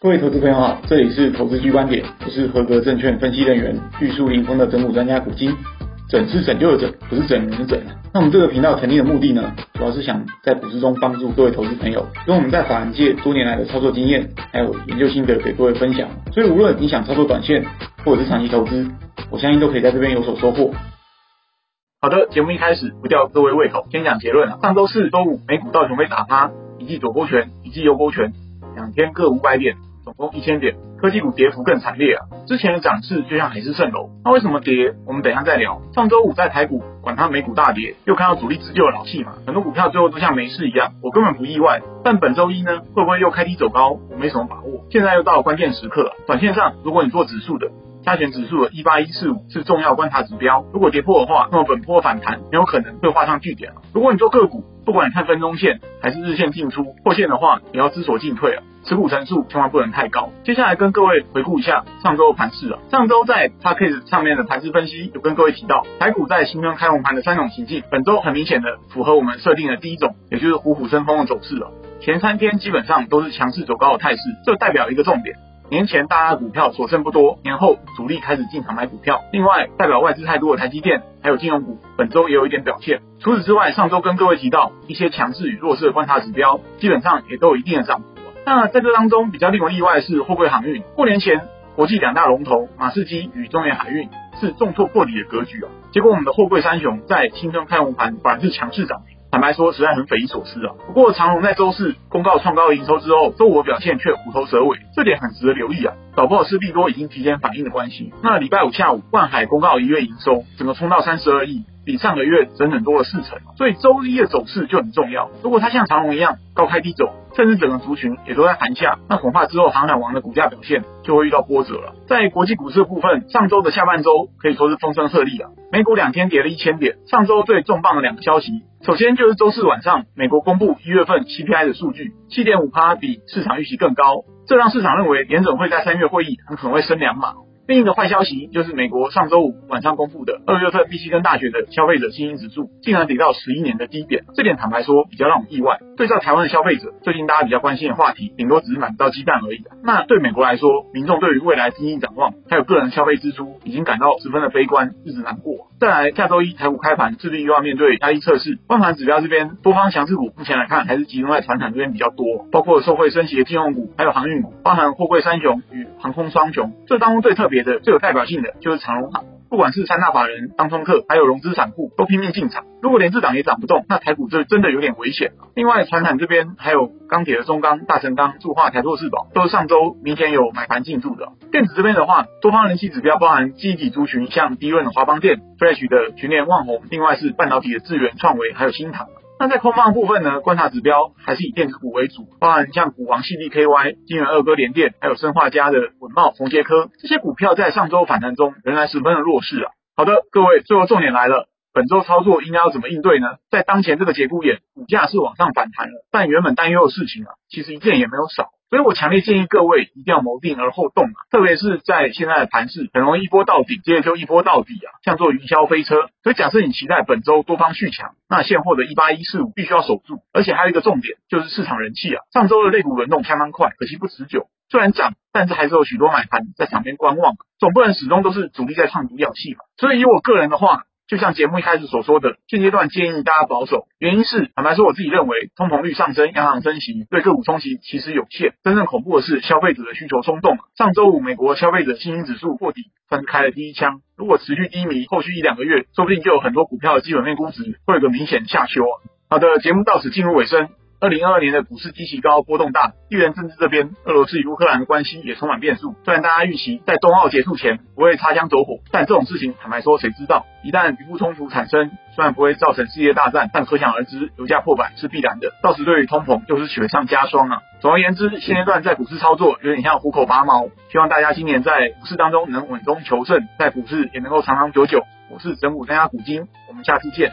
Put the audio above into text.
各位投資朋友好，這裡是投資 G 觀點，我是合格證券分析人員玉樹臨風的整股專家股金，整是拯救的整，不是整人的整。那我們這個頻道成立的目的呢，主要是想在股市中幫助各位投資朋友，用我們在法人界多年來的操作經驗，還有研究心得給各位分享。所以無論你想操作短線，或者是長期投資，我相信都可以在這邊有所收穫。好的，節目一開始不吊各位胃口，先講結論啊。上周四、周五美股道瓊被打趴，一記左勾拳，一記右勾拳，兩天各五百點。哦，一千點，科技股跌幅更慘烈啊！之前的漲勢就像海市蜃樓，那為什麼跌？我們等一下再聊。上周五在台股，管它美股大跌，又看到主力自救的老戲嘛，很多股票最後都像沒事一樣，我根本不意外。但本周一呢，會不會又開低走高？我沒什麼把握。現在又到了關鍵時刻了，啊，短線上，如果你做指數的，加權指數的一八一四五是重要觀察指標，如果跌破的話，那麼本波反彈很有可能會畫上句點了，啊。如果你做個股，不管看分鐘線還是日線進出破線的話，也要知所進退了、啊。持股成數千萬不能太高。接下來跟各位回顧一下上周的盤勢了、啊。上周在 p a r k e t 上面的盤勢分析有跟各位提到，台股在新春開紅盤的三種情境。本周很明顯的符合我們設定的第一種，也就是虎虎生風的走勢了、啊。前三天基本上都是強勢走高的態勢，這代表一個重點。年前，大家股票所剩不多，年後主力開始進場買股票。另外，代表外資太多的台積電，還有金融股，本周也有一點表現。除此之外，上周跟各位提到一些強勢與弱勢的觀察指標，基本上也都有一定的漲幅。那在這當中，比較令人意外的是貨櫃航運。過年前，國際兩大龍頭馬士基與中遠海運是重挫破底的格局啊、哦，結果我們的貨櫃三雄在新春開紅盤，反而是強勢漲停。坦白說，實在很匪夷所思啊。不過長龍在周四公告創高營收之後，周五的表現卻虎頭蛇尾，這點很值得留意啊。搞不好是利多已經提前反應的關係。那個禮拜五下午，萬海公告一月營收，整個衝到三十二億，比上個月整整多了四成。所以周一的走勢就很重要。如果它像長榮一樣高開低走，甚至整個族群也都在盤下，那恐怕之後航海王的股價表現就會遇到波折了。在國際股市的部分，上周的下半周可以說是風聲鶴唳了，美股兩天跌了一千點。上周最重磅的兩個消息，首先就是周四晚上，美國公布一月份 CPI 的數據，七點五趴比市場預期更高。這讓市場認為聯準會在三月會議很可能會升兩碼。另一個壞消息就是，美國上週五晚上公布的二月份密西根大學的消費者信心指數竟然跌到十一年的低點，這點坦白說比較讓我們意外。對照台灣的消費者，最近大家比較關心的話題，頂多只是買不到雞蛋而已的。那對美國來說，民眾對於未來信心展望，還有個人消費支出已經感到十分的悲觀，日子難過。再來，下週一台股開盤，勢必又要面對壓力測試。萬盤指標這邊，多方強勢股目前來看還是集中在傳產這邊比較多，包括受惠升息的金融股，還有航運股，包含貨櫃三雄與航空雙雄。這當中最特別的、最有代表性的就是長榮航。不管是三大法人、當沖客，還有融資散戶，都拼命進場。如果連市漲也漲不動，那台股就真的有點危險了。另外，傳產這邊還有鋼鐵的中鋼、大成鋼、住化、台塑四寶，都是上周明顯有買盤進駐的。電子這邊的話，多方人氣指標包含記憶體族群，像 DRAM 的華邦電、 Flash 的群聯、旺宏，另外是半導體的智原、創惟，還有新唐。那在空方部分呢？觀察指標還是以電子股為主，包含像股王矽力 KY、晶圓二哥聯電，還有砷化鎵的穩懋、宏捷科這些股票在上周反彈中仍然十分的弱勢啊。好的，各位，最後重點來了，本周操作應該要怎麼應對呢？在當前這個節骨眼，股價是往上反彈了，但原本擔憂的事情啊，其實一件也沒有少。所以我強烈建議各位一定要謀定而後動啊！特別是在現在的盤勢，很容易一波到頂，接着就一波到底啊，像做雲霄飛車。所以假設你期待本周多方續強，那現貨的18145必須要守住，而且還有一個重點就是市場人氣啊。上周的類股輪動相當快，可惜不持久。雖然漲，但是還是有許多買盤在場邊觀望，總不能始終都是主力在唱獨角戲吧？所以以我個人的話，就像節目一開始所說的，現階段建議大家保守。原因是，坦白說，我自己認為，通膨率上升，央行升息對個股衝擊其實有限。真正恐怖的是消費者的需求衝動。上周五，美國消費者信心指數破底，算是開了第一槍。如果持續低迷，後續一兩個月，說不定就有很多股票的基本面估值會有個明顯的下修啊。好的，節目到此進入尾聲。二零二二年的股市極其高波動大，地緣政治這邊，俄羅斯與烏克蘭的關係也充滿變數。雖然大家預期在冬奧結束前不會擦槍走火，但這種事情坦白說誰知道？一旦局部衝突產生，雖然不會造成世界大戰，但可想而知油價破百是必然的，到時對於通膨又是雪上加霜啊。總而言之，現階段在股市操作有點像虎口拔毛，希望大家今年在股市當中能穩中求勝，在股市也能夠長長久久。我是整股專家股金，我們下次見。